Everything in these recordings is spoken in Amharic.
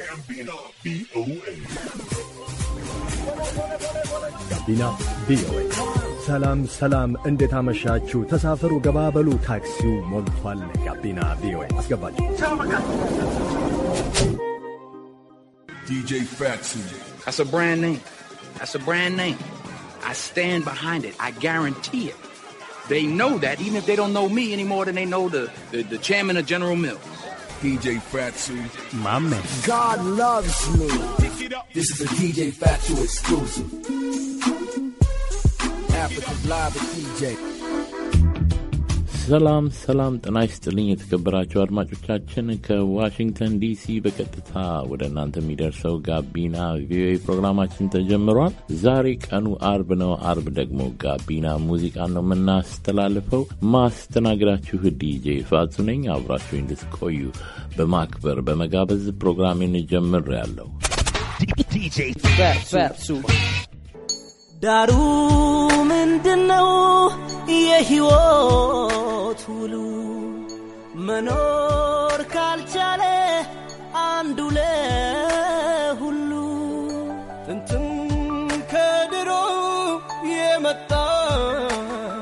ጋቢና ቪኦኤ ጋቢና ቪኦኤ። ሰላም ሰላም፣ እንዴት አመሻችሁ? ተሳፈሩ፣ ገባበሉ፣ ታክሲው ሞልቷል። ጋቢና ቪኦኤ አስገባችሁ። DJ Fatso. That's a brand name. That's a brand name. I stand behind it. I guarantee it. They know that even if they don't know me any more than they know the, the, the chairman of General Mills. DJ Fatsu. My man. God loves me. This is a DJ Fatsu exclusive. African Live with DJ. ሰላም ሰላም፣ ጤና ይስጥልኝ የተከበራችሁ አድማጮቻችን ከዋሽንግተን ዲሲ በቀጥታ ወደ እናንተ የሚደርሰው ጋቢና ቪኦኤ ፕሮግራማችን ተጀምሯል። ዛሬ ቀኑ አርብ ነው። አርብ ደግሞ ጋቢና ሙዚቃን ነው የምናስተላልፈው። ማስተናግዳችሁ ዲጄ ፋቱ ነኝ። አብራችሁ እንድትቆዩ በማክበር በመጋበዝ ፕሮግራሜን ጀምር ያለው ዳሩ ምንድን ነው የህይወት ሕይወት መኖር ካልቻለ አንዱ ለሁሉ ጥንትም ከድሮ የመጣ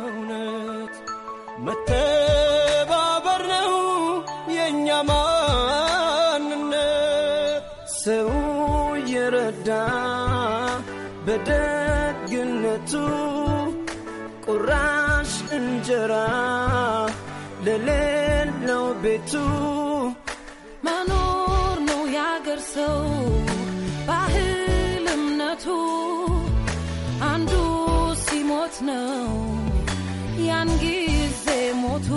እውነት መተባበር ነው የእኛ ማንነት። ሰው የረዳ በደግነቱ ቁራሽ እንጀራ የሌለው ቤቱ መኖር ነው ያገር ሰው ባህል እምነቱ አንዱ ሲሞት ነው ያን ጊዜ ሞቱ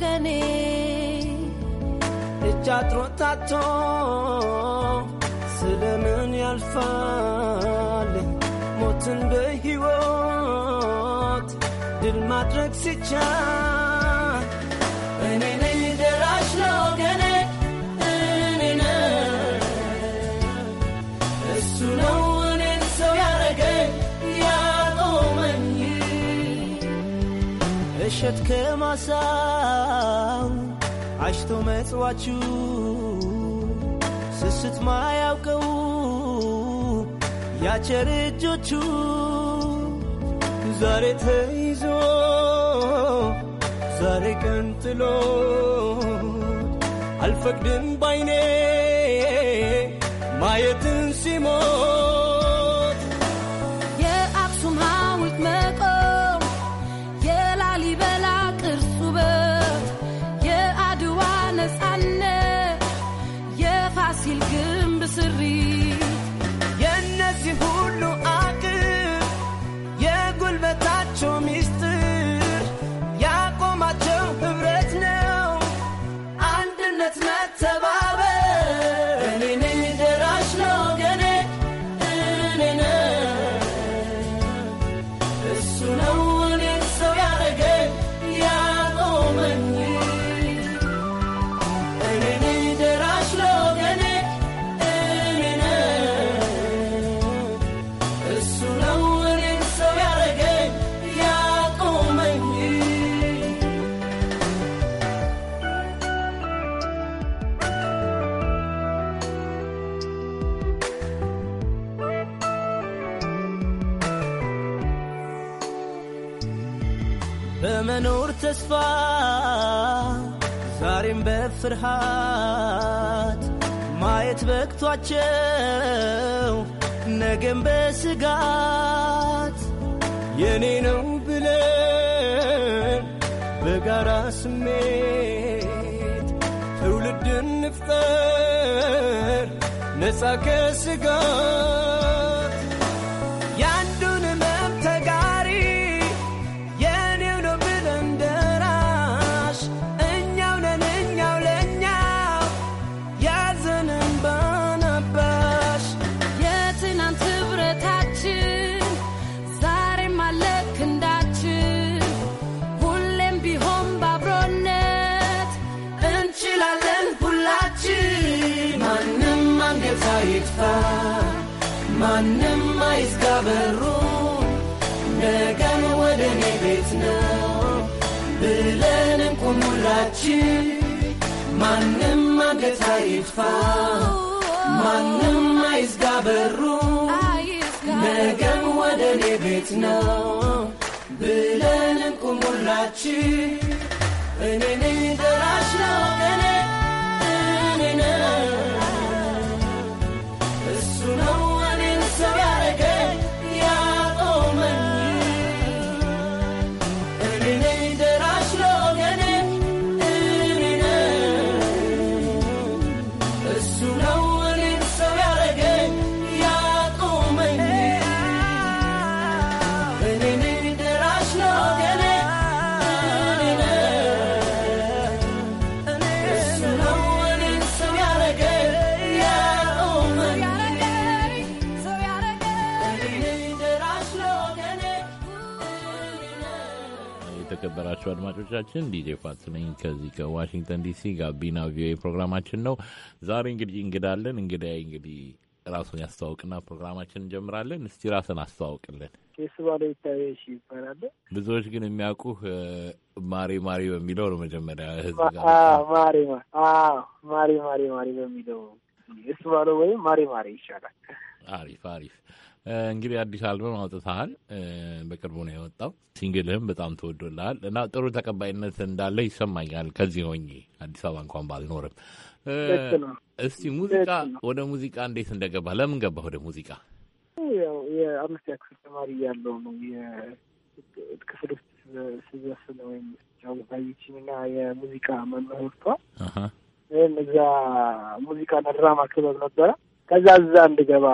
ገኔ እጅ አጥሮታቶ ስለምን ያልፋል ሞትን በሕይወት ድል ማድረግ ሲቻል እሸት ከማሳው አሽቶ መጽዋችሁ ስስት ማያውቀው ያቸር እጆቹ ዛሬ ተይዞ ዛሬ ቀንጥሎ አልፈቅድም ባይኔ ማየትን ሲሞ በመኖር ተስፋ ዛሬም በፍርሃት ማየት በቅቷቸው ነገም በስጋት የኔ ነው ብለን በጋራ ስሜት ትውልድን ንፍጠር ነፃ ከስጋት ይጥፋ ማንም አይዝጋ በሩ ነገን ወደ እኔ ቤት ነው ብለን እንቁም ማንም አንገት አይጥፋ ማንም ነገን ወደ እኔ ቤት ነው ብለን እንቁም ደራሽ ነው ተመልካቾቻችን ዲጄ ፋት ነኝ ከዚህ ከዋሽንግተን ዲሲ ጋቢና ቪኦኤ ፕሮግራማችን ነው። ዛሬ እንግዲህ እንግዳለን እንግዳ እንግዲህ ራሱን ያስተዋውቅና ፕሮግራማችን እንጀምራለን። እስቲ ራስን አስተዋውቅልን። ስ ባለው ይታየ ይባላል። ብዙዎች ግን የሚያውቁህ ማሪ ማሪ በሚለው ነው። መጀመሪያ ህዝብ ማሪ ማሪ ማሪ ማሪ በሚለው እሱ ባለው ወይም ማሪ ማሪ ይሻላል። አሪፍ አሪፍ እንግዲህ አዲስ አልበም አውጥተሃል፣ በቅርቡ ነው የወጣው። ሲንግልህም በጣም ተወዶልሃል እና ጥሩ ተቀባይነት እንዳለ ይሰማኛል። ከዚህ ሆኜ አዲስ አበባ እንኳን ባልኖርም፣ እስቲ ሙዚቃ ወደ ሙዚቃ እንዴት እንደገባ ለምን ገባ ወደ ሙዚቃ? የአምስት የአምስተኛ ክፍል ተማሪ እያለሁ ነው ክፍል ውስጥ ስዘፍን ወይም ጫወታይችን እና የሙዚቃ መምህርቷ ወይም እዛ ሙዚቃና ድራማ ክበብ ነበረ ከዛ እዛ እንድገባ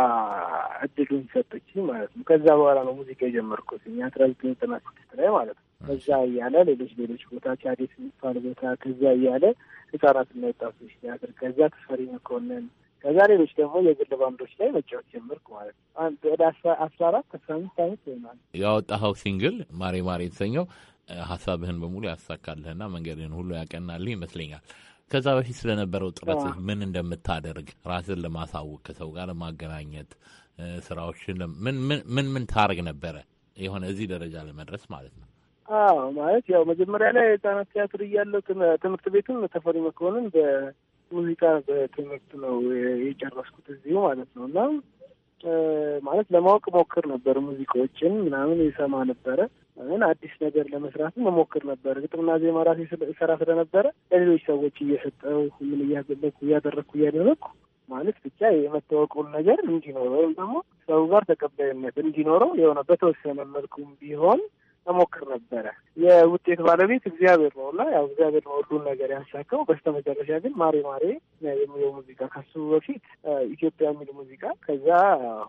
እድሉን ሰጠችኝ ማለት ነው። ከዛ በኋላ ነው ሙዚቃ የጀመርኩት አስራ ዘጠኝ ዘጠና ስድስት ላይ ማለት ነው። ከዛ እያለ ሌሎች ሌሎች ቦታ ቻዴት የሚባል ቦታ ከዛ እያለ ህጻናትና ወጣቶች ቲያትር ከዛ ተፈሪ መኮንን ከዛ ሌሎች ደግሞ የግል ባንዶች ላይ መጫወት ጀመርኩ ማለት ነው። አንድ ወደ አስራ አራት አስራ አምስት አመት ይሆናል። ያወጣኸው ሲንግል ማሬ ማሬ የተሰኘው ሀሳብህን በሙሉ ያሳካልህና መንገድህን ሁሉ ያቀናልህ ይመስለኛል። ከዛ በፊት ስለነበረው ጥረት ምን እንደምታደርግ ራስን ለማሳወቅ ከሰው ጋር ለማገናኘት ስራዎችን ምን ምን ታደርግ ነበረ? የሆነ እዚህ ደረጃ ለመድረስ ማለት ነው። አዎ ማለት ያው መጀመሪያ ላይ ህጻናት ቲያትር እያለው ትምህርት ቤትም ተፈሪ መኮንን በሙዚቃ በትምህርት ነው የጨረስኩት እዚሁ ማለት ነው እና ማለት ለማወቅ ሞክር ነበር። ሙዚቃዎችን ምናምን ይሰማ ነበረ። ምን አዲስ ነገር ለመስራት መሞክር ነበር። ግጥምና ዜማ ራሴ ሰራ ስለነበረ ለሌሎች ሰዎች እየሰጠው ምን እያገለኩ እያደረግኩ እያደረግኩ ማለት ብቻ የመታወቁን ነገር እንዲኖረው ወይም ደግሞ ሰው ጋር ተቀባይነት እንዲኖረው የሆነ በተወሰነ መልኩም ቢሆን ተሞክር ነበረ። የውጤት ባለቤት እግዚአብሔር ነው እና ያው እግዚአብሔር ነው ሁሉን ነገር ያሳካው። በስተ መጨረሻ ግን ማሬ ማሬ የሚለው ሙዚቃ ከሱ በፊት ኢትዮጵያ የሚል ሙዚቃ፣ ከዛ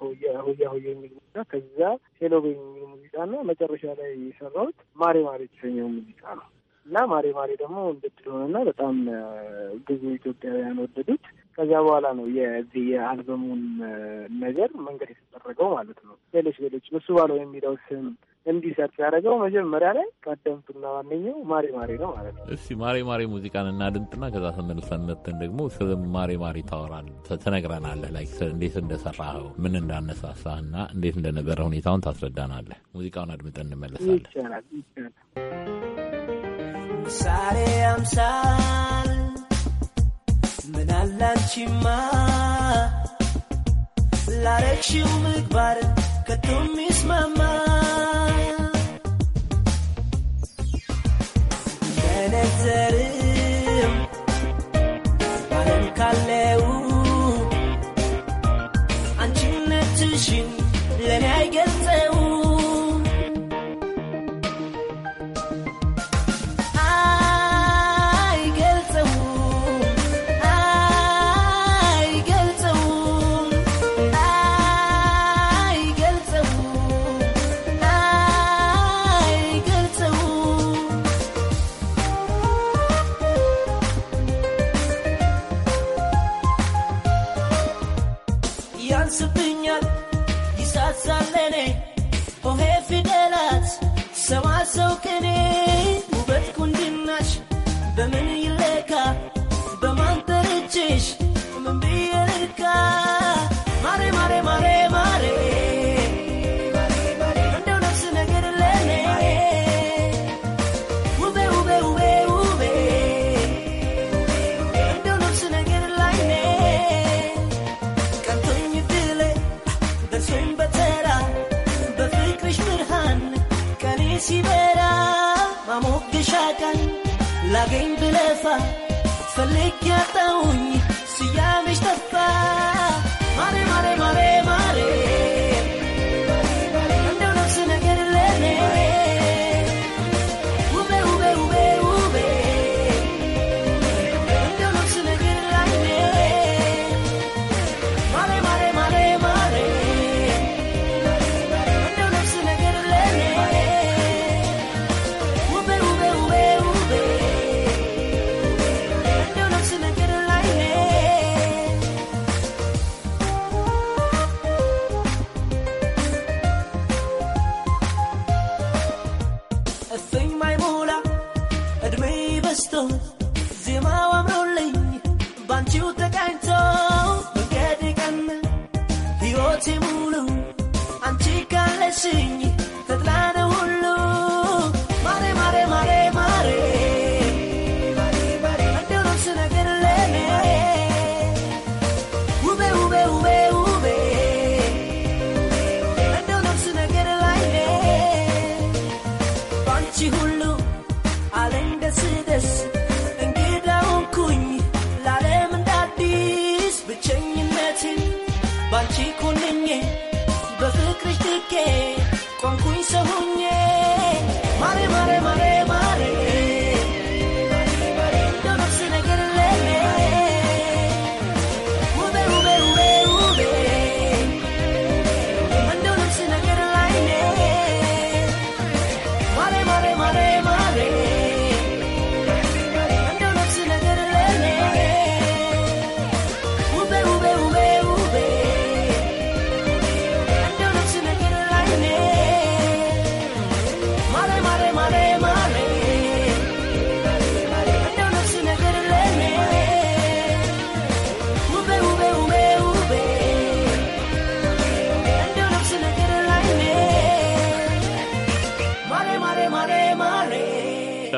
ሆያ ሆያ የሚል ሙዚቃ፣ ከዛ ሄሎ የሚል ሙዚቃ እና መጨረሻ ላይ የሰራሁት ማሬ ማሬ የተሰኘው ሙዚቃ ነው። እና ማሬ ማሬ ደግሞ እንድትል በጣም ብዙ ኢትዮጵያውያን ወደዱት። ከዚያ በኋላ ነው የዚህ የአልበሙን ነገር መንገድ የተጠረገው ማለት ነው። ሌሎች ሌሎች እሱ ባለው የሚለው ስም እንዲሰርፍ ያደረገው መጀመሪያ ላይ ቀደምቱና ዋነኛው ማሬ ማሬ ነው ማለት ነው። እስቲ ማሬ ማሬ ሙዚቃን እናድምጥና ከዛ ተመልሰን ደግሞ ስለ ማሬ ማሬ ታወራለህ፣ ትነግረናለህ፣ ላይ እንዴት እንደሰራኸው ምን እንዳነሳሳህ እና እንዴት እንደነበረ ሁኔታውን ታስረዳናለህ። ሙዚቃውን አድምጠን እንመለሳለን። ይቻላል ይቻላል። ሳሬ አምሳል ምን አላንቺማ ላረግሽው ምግባር ከቶም ይስማማ ገነዘርሽ ያስብኛል ይሳሳል ሆሄ ፊደላት ሰማሰው ቅኔ Quem beleza, só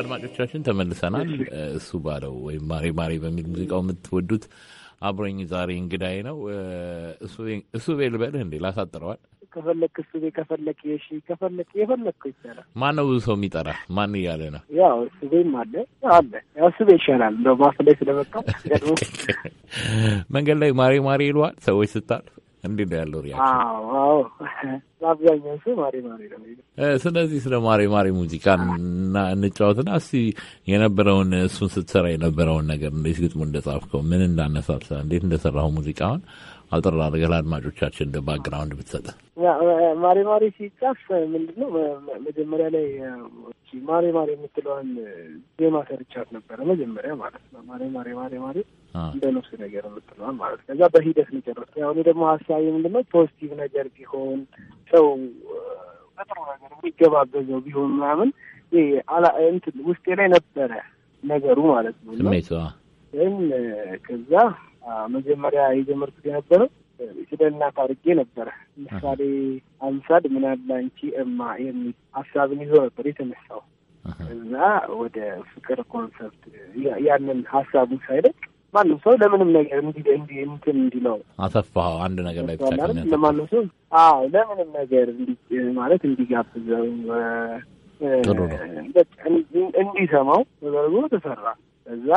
አድማጮቻችን ተመልሰናል። እሱ ባለው ወይም ማሬ ማሬ በሚል ሙዚቃው የምትወዱት አብሮኝ ዛሬ እንግዳይ ነው። እሱ ቤ ልበልህ እንዴ ላሳጥረዋል። ከፈለክ እሱ ቤ ከፈለክ የሺ ከፈለክ የፈለክ ይቻላል። ማን ነው ብዙ ሰው የሚጠራ ማን እያለ ነው? ያው እሱ ቤም አለ አለ ያው እሱ ቤ ይሻላል። እንደው ማፍ ላይ ስለመጣ መንገድ ላይ ማሬ ማሬ ይለዋል ሰዎች ስታል እንዲህ ነው ያለው ሪያክሽን። በአብዛኛው ሰው ማሪ ማሪ ነው። ስለዚህ ስለ ማሪ ማሪ ሙዚቃ እንጫወትና እስቲ የነበረውን እሱን ስትሰራ የነበረውን ነገር እንዴት ግጥሙ እንደጻፍከው ምን እንዳነሳሳ እንዴት እንደሰራው ሙዚቃውን አጠር አድርገህ ለአድማጮቻችን እንደ ባክግራውንድ ብትሰጠ። ማሬ ማሬ ሲጻፍ ምንድነው መጀመሪያ ላይ ማሬ ማሬ የምትለዋን ዜማ ሰርቻት ነበረ። መጀመሪያ ማለት ነው ማሬ ማሬ ማሬ ማሬ እንደ ነፍስ ነገር የምትለዋን ማለት ነው። ከዛ በሂደት ነው የጨረስኩት። ደግሞ ሀሳቢ ምንድነው ፖዚቲቭ ነገር ቢሆን ሰው በጥሩ ነገር የሚገባበዘው ቢሆን ምናምን እንትን ውስጤ ላይ ነበረ ነገሩ ማለት ነው። ስሜት ግን ከዛ መጀመሪያ የጀመርኩት የነበረው ፊደልና ታርጌ ነበረ። ምሳሌ አምሳድ ምናለ አንቺ እማ የሚል ሀሳብን ይዞ ነበር የተነሳው እና ወደ ፍቅር ኮንሰፕት ያንን ሀሳቡን ሳይለቅ ማንም ሰው ለምንም ነገር እንዲ እንዲ እንትን እንዲለው አሰፋ አንድ ነገር ላይ ብቻ ለማንም ሰው አዎ ለምንም ነገር ማለት እንዲጋብዘው ጥሩ ነው እንዲሰማው ተደርጎ ተሰራ። እዛ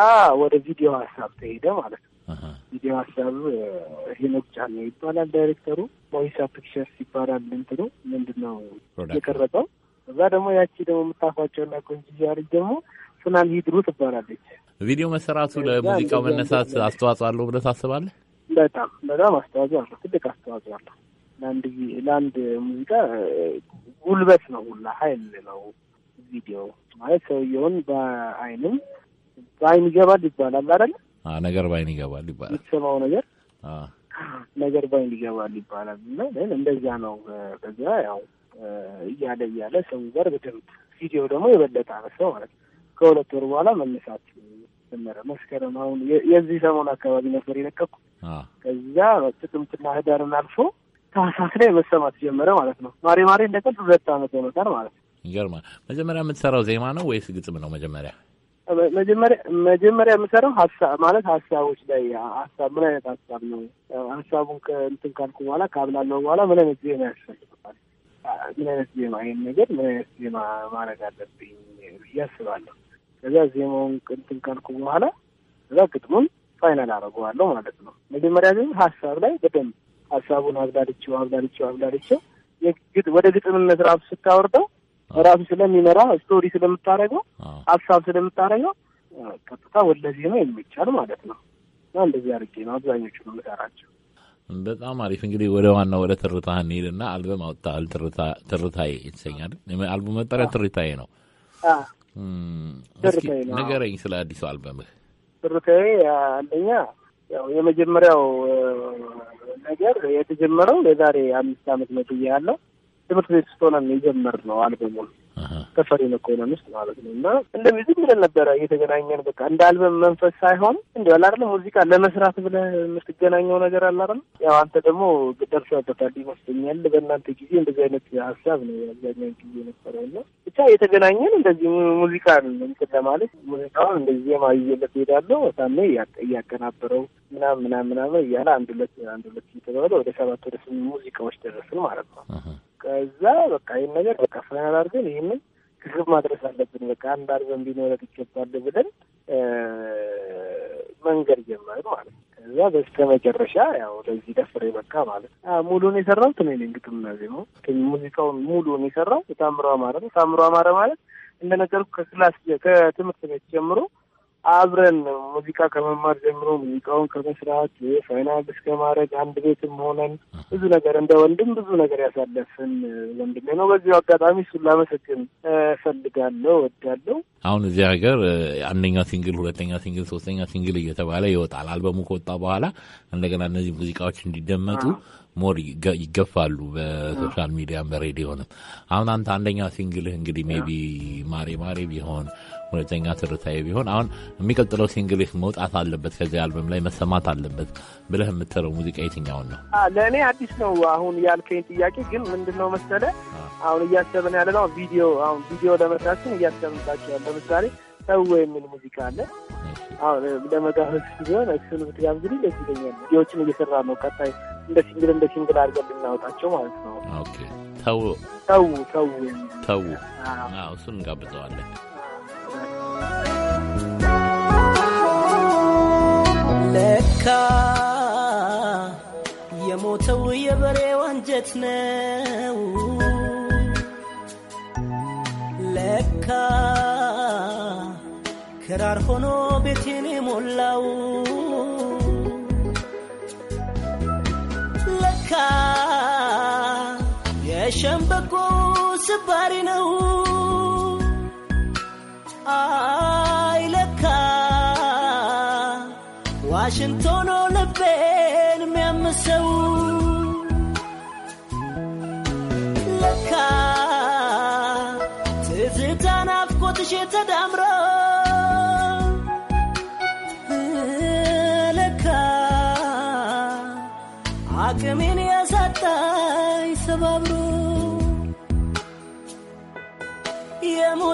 ወደ ቪዲዮ ሀሳብ ተሄደ ማለት ነው። ቪዲዮ ሀሳብ ሄኖክ ጫኔ ይባላል ዳይሬክተሩ። ሞይሳ ፒክቸርስ ይባላል እንትኑ ምንድን ነው የቀረጸው። እዛ ደግሞ ያቺ ደግሞ የምታፏቸውና ያርጅ ደግሞ ስናን ሂድሩ ትባላለች። ቪዲዮ መሰራቱ ለሙዚቃው መነሳት አስተዋጽኦ አለው ብለህ ታስባለህ? በጣም በጣም አስተዋጽኦ አለው፣ ትልቅ አስተዋጽኦ አለው። ለአንድ ለአንድ ሙዚቃ ጉልበት ነው ሁላ ሀይል ነው ቪዲዮ ማለት ሰውየውን በአይንም በአይን ይገባል ይባላል አይደለ? ነገር በአይን ይገባል ይባላል። የተሰማው ነገር ነገር በአይን ይገባል ይባላል። ግን እንደዛ ነው። ከዛ ያው እያለ እያለ ሰው ጋር በደምብ ቪዲዮ ደግሞ የበለጠ አነሰው ማለት ነው። ከሁለት ወር በኋላ መነሳት ጀመረ። መስከረም አሁን የዚህ ሰሞን አካባቢ ነበር የለቀኩት። ከዛ ጥቅምትና ህዳርን አልፎ ታህሳስ ላይ መሰማት ጀመረ ማለት ነው። ማሬ ማሬ እንደቀል ሁለት አመት ሆኖታል ማለት ነው። ይገርማል። መጀመሪያ የምትሰራው ዜማ ነው ወይስ ግጥም ነው መጀመሪያ? መጀመሪያ መጀመሪያ የምሰራው ሀሳብ ማለት ሀሳቦች ላይ ሀሳብ ምን አይነት ሀሳብ ነው? ሀሳቡን እንትን ካልኩ በኋላ ካብላለው በኋላ ምን አይነት ዜማ ያስፈልገዋል? ምን አይነት ዜማ ይህን ነገር ምን አይነት ዜማ ማድረግ አለብኝ ብዬ አስባለሁ። ከዛ ዜማውን እንትን ካልኩ በኋላ እዛ ግጥሙን ፋይናል አደርገዋለሁ ማለት ነው። መጀመሪያ ግን ሀሳብ ላይ በደንብ ሀሳቡን አብላልቼው አብላልቼው አብላልቼው ወደ ግጥምነት ራሱ ስታወርደው ራሱ ስለሚመራ ስቶሪ ስለምታደርገው ሀሳብ ስለምታደርገው ቀጥታ ወደዚህ ነው የሚቻል ማለት ነው። እና እንደዚህ አድርጌ ነው አብዛኞቹ ነው የምሰራቸው። በጣም አሪፍ እንግዲህ ወደ ዋና ወደ ትርታ እንሂድና አልበም አውጥተሃል። ትርታዬ ይሰኛል አልበም መጠሪያ ትርታዬ ነው። ንገረኝ ስለ አዲሱ አልበምህ። ትርታዬ አንደኛ ያው የመጀመሪያው ነገር የተጀመረው የዛሬ አምስት አመት ነው ያለው ትምህርት ቤት ውስጥ ሆነን የጀመርነው አልበሙን ተፈሪ ኢኮኖሚስት ማለት ነው። እና እንደዚህ ዝም ብለን ነበረ እየተገናኘን በቃ እንደ አልበም መንፈስ ሳይሆን እንዲያው አላርለ ሙዚቃ ለመስራት ብለህ የምትገናኘው ነገር አላርም። ያው አንተ ደግሞ ደርሰህበታል ይመስለኛል። በእናንተ ጊዜ እንደዚህ አይነት ሀሳብ ነው አብዛኛውን ጊዜ ነበረ እና ብቻ እየተገናኘን እንደዚህ ሙዚቃ እንትን ለማለት ሙዚቃውን እንደዚህ ዜማ ይዤለት ሳሜ እያቀናበረው ምናም ምናምን ምናምን እያለ አንድ ሁለት አንድ ሁለት እየተባለ ወደ ሰባት ወደ ስምንት ሙዚቃዎች ደረስን ማለት ነው። ከዛ በቃ ይህን ነገር በቃ ፋይናል አድርገን ይህንን ክግብ ማድረስ አለብን፣ በቃ አንድ አርበን ቢኖረት ይገባል ብለን መንገድ ጀመርን ማለት ነው። ከዛ በስተ መጨረሻ ያው ለዚህ ደፍሬ በቃ ማለት ነው። ሙሉን የሰራው ትንል እንግጥም ዜማው ሙዚቃውን ሙሉን የሰራው ታምሮ አማረ ነው። ታምሮ አማረ ማለት እንደነገርኩ ከክላስ ከትምህርት ቤት ጀምሮ አብረን ሙዚቃ ከመማር ጀምሮ ሙዚቃውን ከመስራት ፋይናንስ እስከ ማድረግ አንድ ቤትም ሆነን ብዙ ነገር እንደ ወንድም ብዙ ነገር ያሳለፍን ወንድሜ ነው። በዚሁ አጋጣሚ እሱን ላመሰግን እፈልጋለሁ እወዳለሁ። አሁን እዚህ ሀገር አንደኛ ሲንግል፣ ሁለተኛ ሲንግል፣ ሶስተኛ ሲንግል እየተባለ ይወጣል። አልበሙ ከወጣ በኋላ እንደገና እነዚህ ሙዚቃዎች እንዲደመጡ ሞር ይገፋሉ በሶሻል ሚዲያም በሬዲዮንም። አሁን አንተ አንደኛ ሲንግልህ እንግዲህ ሜይ ቢ ማሬ ማሬ ቢሆን ሁለተኛ ትርታዬ ቢሆን አሁን የሚቀጥለው ሲንግልህ መውጣት አለበት ከዚህ አልበም ላይ መሰማት አለበት ብለህ የምትለው ሙዚቃ የትኛውን ነው? ለእኔ አዲስ ነው አሁን ያልከኝ ጥያቄ ግን ምንድን ነው መሰለህ አሁን እያሰብን ያለ ነው ቪዲዮ አሁን ቪዲዮ ለመስራችን እያሰብንባቸዋል ለምሳሌ ሰው የሚል ሙዚቃ አለ። አሁን ለመጋፈት ሲሆን እሱን እንግዲህ ደስ ይለኛል። ዲዎችን እየሰራ ነው። ቀጣይ እንደ ሲንግል እንደ ሲንግል አድርገን ልናወጣቸው ማለት ነው። ኦኬ ተው ተው ተው ተው። አዎ እሱን እንጋብዘዋለን። ለካ የሞተው የበሬ አንጀት ነው ለካ ክራር ሆኖ ቤቴን የሞላው ለካ የሸንበቆ ስባሪ ነው። አይ ለካ ዋሽንቶኖ ልቤን የሚያምሰው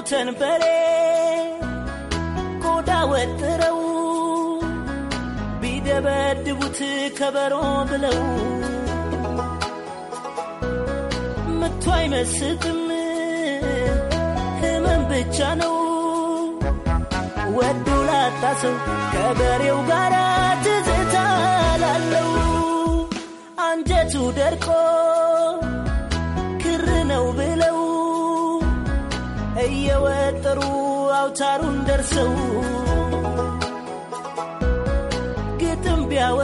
ቸንበሬ ቆዳ ወጥረው ቢደበድቡት ከበሮ ብለው ምቶ አይመስጥም ህመም ብቻ ነው ወዶ ላጣ ሰው ከበሬው ጋር ትዝታ ላለው አንጀቱ ደርቆ እየወጠሩ አውታሩን ደርሰው ግጥም ቢያወ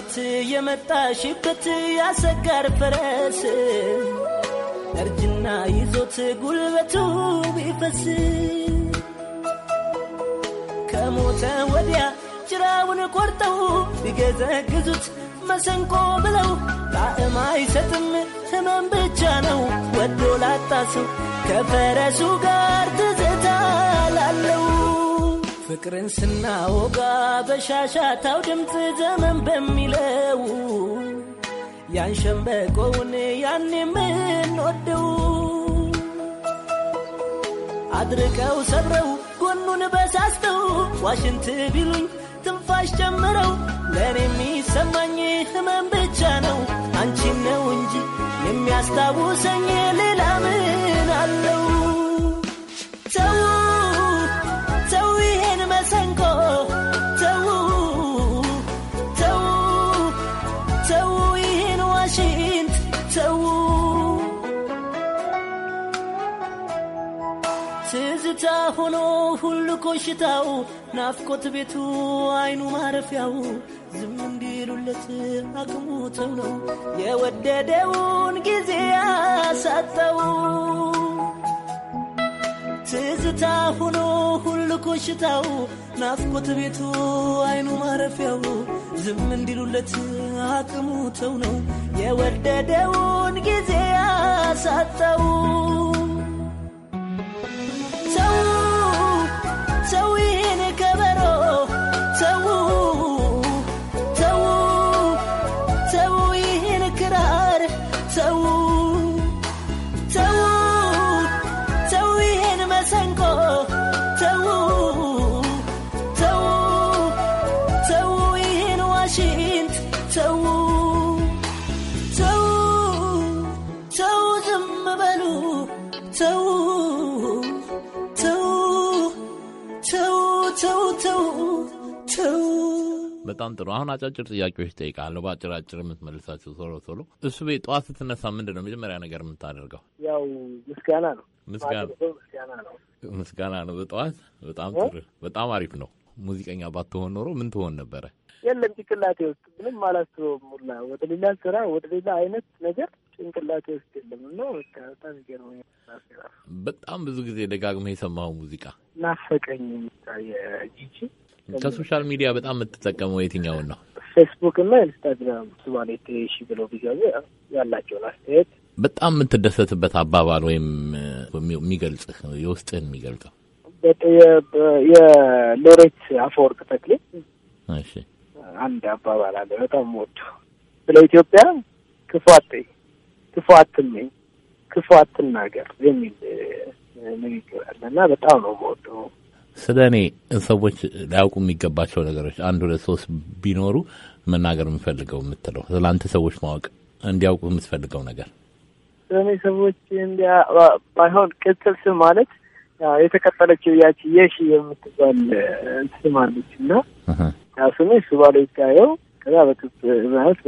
ቤት የመጣሽበት ያሰጋር ፈረስ እርጅና ይዞት ጉልበቱ ቢፈስ ከሞተ ወዲያ ጭራውን ቆርጠው ቢገዘግዙት መሰንቆ ብለው ጣዕም አይሰጥም ህመም ብቻ ነው ወዶ ላጣ ሰው ከፈረሱ ጋር ትዝታ ላለው ፍቅርን ስናወጋ በሻሻታው ድምፅ ዘመን በሚለው ሸንበቆውን ያን የምንወደው አድርቀው ሰብረው ጎኑን በሳስተው ዋሽንት ቢሉኝ ትንፋሽ ጨምረው ለእኔ የሚሰማኝ ህመም ብቻ ነው አንቺን ነው እንጂ የሚያስታውሰኝ ሌላ ምን ኮሽታው ናፍቆት ቤቱ አይኑ ማረፊያው ዝም እንዲሉለት አቅሙተው ነው የወደደውን ጊዜ ያሳጠው ትዝታ ሆኖ ሁሉ ኮሽታው ናፍቆት ቤቱ አይኑ ማረፊያው ዝም እንዲሉለት አቅሙተው ነው የወደደውን ጊዜ ያሳጠው በጣም ጥሩ። አሁን አጫጭር ጥያቄዎች እጠይቅሃለሁ፣ በአጭር አጭር የምትመልሳቸው ቶሎ ቶሎ። እሱ ቤት ጠዋት ስትነሳ ምንድን ነው መጀመሪያ ነገር የምታደርገው? ያው ምስጋና ነው። ምስጋና ነው በጠዋት። በጣም ጥሩ፣ በጣም አሪፍ ነው። ሙዚቀኛ ባትሆን ኖሮ ምን ትሆን ነበረ? የለም ጭንቅላቴ ውስጥ ምንም አላስበውም። ሁላ ወደ ሌላ ስራ፣ ወደ ሌላ አይነት ነገር ጭንቅላቴ ውስጥ የለም እና በጣም ይገርመኝ። በጣም ብዙ ጊዜ ደጋግመህ የሰማኸው ሙዚቃ ናፈቀኝ ጂጂ ከሶሻል ሚዲያ በጣም የምትጠቀመው የትኛውን ነው? ፌስቡክ እና ኢንስታግራም። ሱባኔቴ ሺ ብሎ ቢገቡ ያላቸውን አስተያየት በጣም የምትደሰትበት አባባል ወይም የሚገልጽህ የውስጥህን የሚገልጸው የሎሬት አፈወርቅ ተክሌ አንድ አባባል አለ በጣም ወዱ ስለ ኢትዮጵያ ክፉ አትይ፣ ክፉ አትመኝ፣ ክፉ አትናገር የሚል ንግግር አለ እና በጣም ነው የምወደው ስለ እኔ ሰዎች ሊያውቁ የሚገባቸው ነገሮች አንድ ሁለት ሶስት ቢኖሩ መናገር የምፈልገው የምትለው ስለ አንተ ሰዎች ማወቅ እንዲያውቁ የምትፈልገው ነገር ስለ እኔ ሰዎች እንዲያ ባይሆን ቅጽል ስም ማለት የተቀጠለችው ያቺ የሺ የምትባል ስም አለች እና ስሜ እሱ ባለ ይታየው ከዛ በቅጽ ማለት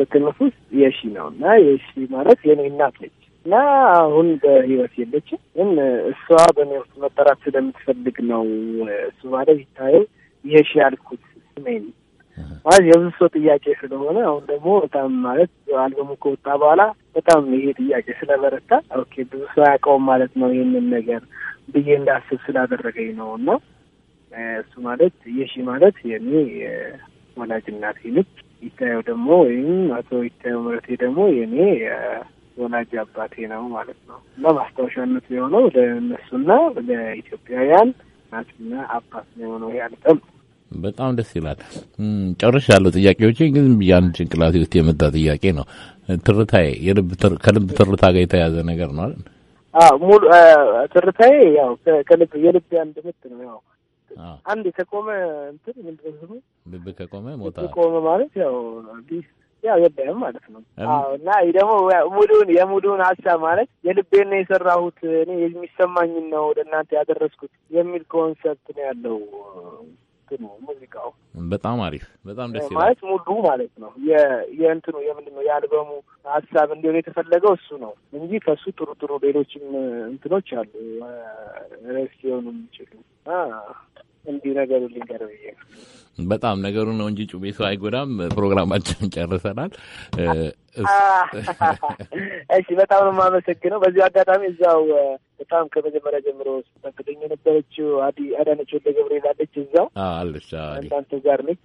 ውስጥ የሺ ነው እና የሺ ማለት የኔ እናት ነች እና አሁን በህይወት የለችም። ግን እሷ በእኔ ውስጥ መጠራት ስለምትፈልግ ነው። እሱ ማለት ይታየው ይሄ ያልኩት ስሜን ማለት የብዙ ሰው ጥያቄ ስለሆነ አሁን ደግሞ በጣም ማለት አልበሙ ከወጣ በኋላ በጣም ይሄ ጥያቄ ስለበረታ ኦኬ ብዙ ሰው ያውቀውም ማለት ነው ይህንን ነገር ብዬ እንዳስብ ስላደረገኝ ነው። እና እሱ ማለት የሺ ማለት የኔ ወላጅ እናቴ ልጅ ይታየው ደግሞ ወይም አቶ ይታየው ምረቴ ደግሞ የኔ ወላጅ አባቴ ነው ማለት ነው እና ማስታወሻነት የሆነው ለእነሱና ለኢትዮጵያውያን ናትና አባት ነው የሆነው ያልጠም በጣም ደስ ይላል። ጨርሽ ያለው ጥያቄዎች ግን ያን ጭንቅላቴ ውስጥ የመጣ ጥያቄ ነው። ትርታዬ ከልብ ትርታ ጋር የተያዘ ነገር ነው አይደል? ሙሉ ትርታዬ ያው ከልብ የልብ አንድ ምት ነው። ያው አንድ ከቆመ እንትን ምንድን ነው ልብ ከቆመ ሞታ ቆመ ማለት ያው ያው የለም ማለት ነው። አዎ እና ደግሞ ሙሉን የሙሉን ሀሳብ ማለት የልቤን ነው የሰራሁት እኔ የሚሰማኝን ነው ለእናንተ ያደረስኩት የሚል ኮንሰርት ነው ያለው እንትኑ ሙዚቃው። በጣም አሪፍ፣ በጣም ደስ ማለት ሙሉ ማለት ነው። የእንትኑ የምንድን ነው የአልበሙ ሀሳብ እንዲሆን የተፈለገው እሱ ነው እንጂ ከእሱ ጥሩ ጥሩ ሌሎችም እንትኖች አሉ ረስ ሊሆኑ የሚችሉ እንዲህ ነገሩ ሊገር ብዬ በጣም ነገሩ ነው እንጂ ጩቤቱ አይጎዳም። ፕሮግራማችን ጨርሰናል። እሺ፣ በጣም ነው የማመሰግነው። በዚሁ አጋጣሚ እዛው በጣም ከመጀመሪያ ጀምሮ ስታግደኝ የነበረችው አዲ አዳነች ወደ ገብርኤል አለች፣ እዛው አለች፣ እናንተ ጋር ነች፣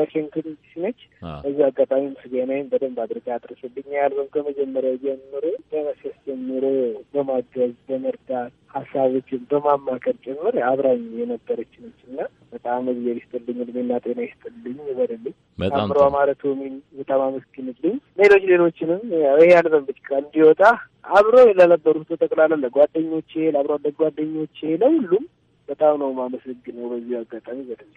ዋሽንግተን ዲሲ ነች። በዚሁ አጋጣሚ ምስጋናዬን በደንብ አድርጋ አድርሱልኛል። ያልበም ከመጀመሪያ ጀምሮ ከመሰስ ጀምሮ በማገዝ በመርዳት ሀሳቦችን በማማከር ጭምር አብራኝ የነበረች ነች እና በጣም እግዚአብሔር ይስጥልኝ፣ እድሜና ጤና ይስጥልኝ፣ ይበርልኝ፣ በጣም አምሯ ማለቱ በጣም አመስግንልኝ ሌሎች ሌሎችንም ይህ አልበም ብቻ እንዲወጣ አብሮ ለነበሩት ጠቅላላ ለጓደኞቼ፣ ለአብሮ አደግ ጓደኞቼ፣ ለሁሉም በጣም ነው ማመሰግነው። በዚህ አጋጣሚ በደንብ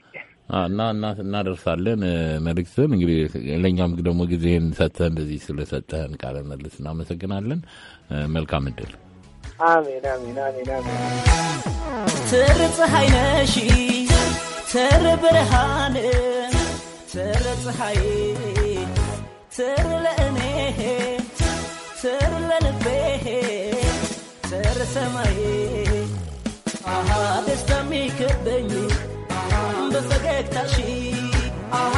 እና እናደርሳለን መልእክትን እንግዲህ ለእኛም ደግሞ ጊዜህን ሰጥተህ እንደዚህ ስለሰጠህን ቃለ መልስ እናመሰግናለን። መልካም እድል። አሜን አሜን አሜን አሜን። ትር ፀሐይ ነሽ ትር ብርሃን ትር ፀሐይ ስር ለእኔ ስር ለልቤ ስር ሰማዬ አሃ ደስታ የሚከበኝ በፈገግታሽ አሃ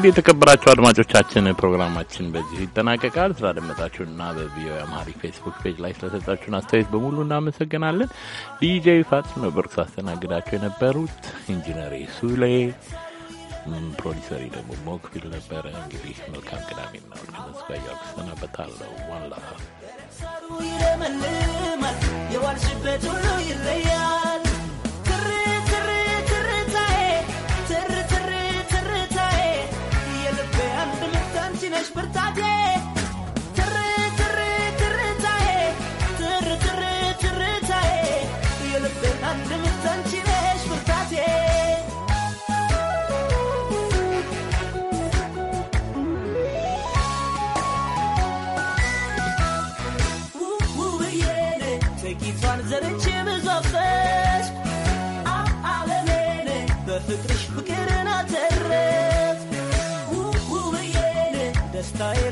እንግዲህ የተከበራችሁ አድማጮቻችን ፕሮግራማችን በዚህ ይጠናቀቃል። ስላደመጣችሁና በቪዮ አማሪክ ፌስቡክ ፔጅ ላይ ስለሰጣችሁን አስተያየት በሙሉ እናመሰግናለን። ዲጄ ፋጽ ነበርኩ ሳስተናግዳቸው የነበሩት ኢንጂነር ሱሌ፣ ፕሮዲሰሪ ደግሞ ሞክፊል ነበረ። እንግዲህ መልካም ቅዳሜና ስጋያ ሰናበታለው። ዋላ ይለመልማል የዋልሽበት ሁሉ ይለያል 大见。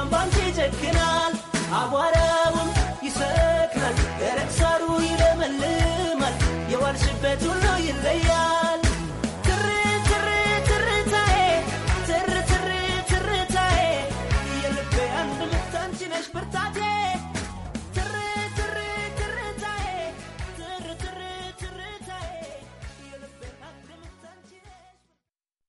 ሰላም ባንቺ ይጨክናል፣ አቧራውን ይሰክናል፣ ደረቅ ሳሩ ይለመልማል፣ የዋልሽበት ሁሉ ይለያል።